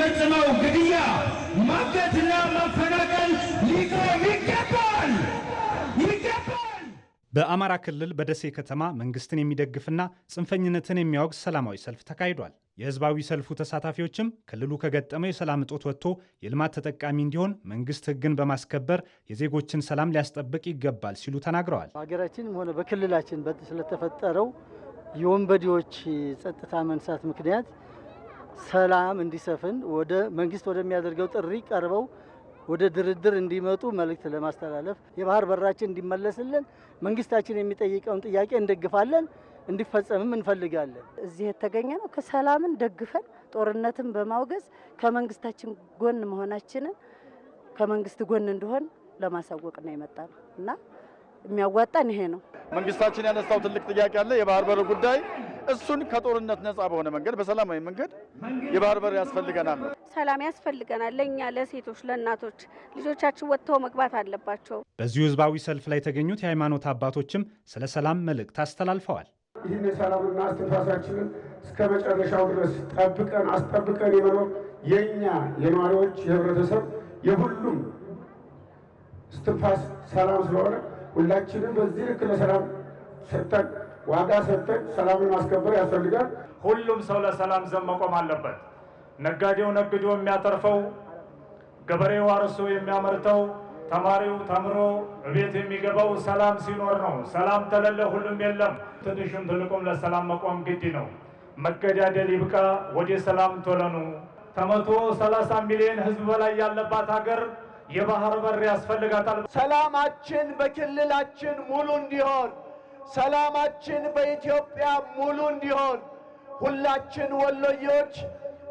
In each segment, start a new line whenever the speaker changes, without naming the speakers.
የሚፈጽመው ግድያ፣ ማገትና ማፈናቀል ሊቆም ይገባል በአማራ ክልል በደሴ ከተማ መንግስትን የሚደግፍና ጽንፈኝነትን የሚያወግዝ ሰላማዊ ሰልፍ ተካሂዷል። የህዝባዊ ሰልፉ ተሳታፊዎችም ክልሉ ከገጠመው የሰላም እጦት ወጥቶ የልማት ተጠቃሚ እንዲሆን መንግስት ህግን በማስከበር የዜጎችን ሰላም ሊያስጠብቅ ይገባል ሲሉ ተናግረዋል።
በሀገራችንም ሆነ በክልላችን ስለተፈጠረው የወንበዴዎች ጸጥታ መንሳት ምክንያት ሰላም እንዲሰፍን ወደ መንግስት ወደሚያደርገው ጥሪ ቀርበው ወደ ድርድር እንዲመጡ መልእክት ለማስተላለፍ የባህር በራችን እንዲመለስልን መንግስታችን የሚጠይቀውን ጥያቄ እንደግፋለን፣ እንዲፈጸምም እንፈልጋለን።
እዚህ የተገኘ ነው ከሰላምን ደግፈን ጦርነትን በማውገዝ ከመንግስታችን ጎን መሆናችንን ከመንግስት ጎን እንደሆን ለማሳወቅ ነው የመጣ ነው እና የሚያዋጣን ይሄ ነው።
መንግስታችን ያነሳው ትልቅ ጥያቄ አለ የባህር በር ጉዳይ እሱን ከጦርነት ነጻ በሆነ መንገድ በሰላማዊ መንገድ የባህር በር ያስፈልገናል ነው።
ሰላም ያስፈልገናል ለእኛ ለሴቶች፣ ለእናቶች ልጆቻችን ወጥተው መግባት አለባቸው።
በዚሁ ህዝባዊ ሰልፍ ላይ የተገኙት የሃይማኖት አባቶችም ስለ ሰላም መልእክት አስተላልፈዋል።
ይህን የሰላምና እስትንፋሳችንን እስከ መጨረሻው ድረስ ጠብቀን አስጠብቀን የመኖር የእኛ የነዋሪዎች የህብረተሰብ የሁሉም እስትንፋስ ሰላም ስለሆነ ሁላችንም በዚህ ልክ ለሰላም ሰጠን ዋጋ ሰጥተን ሰላምን ማስከበር ያስፈልጋል።
ሁሉም ሰው ለሰላም ዘብ መቆም አለበት። ነጋዴው ነግዶ የሚያተርፈው፣ ገበሬው አርሶ የሚያመርተው፣ ተማሪው ተምሮ እቤት የሚገባው ሰላም ሲኖር ነው። ሰላም ተለለ ሁሉም የለም። ትንሹም ትልቁም ለሰላም መቆም ግድ ነው። መገዳደል ይብቃ፣ ወደ ሰላም ቶለኑ። ከመቶ ሰላሳ ሚሊዮን ህዝብ በላይ ያለባት ሀገር የባህር በር ያስፈልጋታል።
ሰላማችን በክልላችን ሙሉ እንዲሆን ሰላማችን በኢትዮጵያ ሙሉ እንዲሆን ሁላችን ወሎዮች፣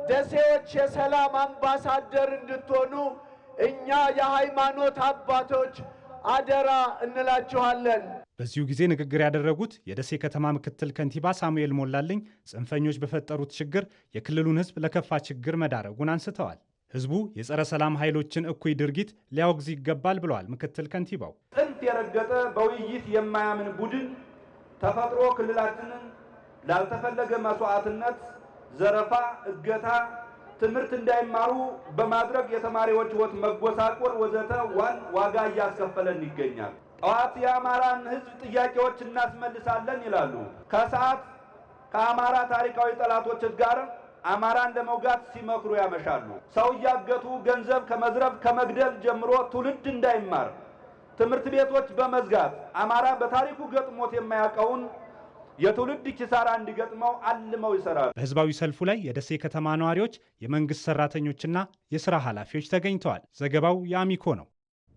ደሴዎች የሰላም አምባሳደር እንድትሆኑ እኛ የሃይማኖት አባቶች አደራ እንላችኋለን።
በዚሁ ጊዜ ንግግር ያደረጉት የደሴ ከተማ ምክትል ከንቲባ ሳሙኤል ሞላልኝ ጽንፈኞች በፈጠሩት ችግር የክልሉን ሕዝብ ለከፋ ችግር መዳረጉን አንስተዋል። ሕዝቡ የጸረ ሰላም ኃይሎችን እኩይ ድርጊት ሊያወግዝ ይገባል ብለዋል ምክትል ከንቲባው።
ከልክ የረገጠ በውይይት የማያምን ቡድን ተፈጥሮ ክልላችንን ላልተፈለገ መስዋዕትነት፣ ዘረፋ፣ እገታ፣ ትምህርት እንዳይማሩ በማድረግ የተማሪዎች ህይወት መጎሳቆር ወዘተ ዋን ዋጋ እያስከፈለን ይገኛል። ጠዋት የአማራን ህዝብ ጥያቄዎች እናስመልሳለን ይላሉ። ከሰዓት ከአማራ ታሪካዊ ጠላቶች ጋር አማራን ለመውጋት ሲመክሩ ያመሻሉ። ሰው እያገቱ ገንዘብ ከመዝረፍ ከመግደል ጀምሮ ትውልድ እንዳይማር ትምህርት ቤቶች በመዝጋት አማራ በታሪኩ ገጥሞት የማያውቀውን የትውልድ ኪሳራ እንዲገጥመው አልመው ይሰራል።
በህዝባዊ ሰልፉ ላይ የደሴ ከተማ ነዋሪዎች፣ የመንግስት ሰራተኞችና የስራ ኃላፊዎች ተገኝተዋል። ዘገባው የአሚኮ ነው።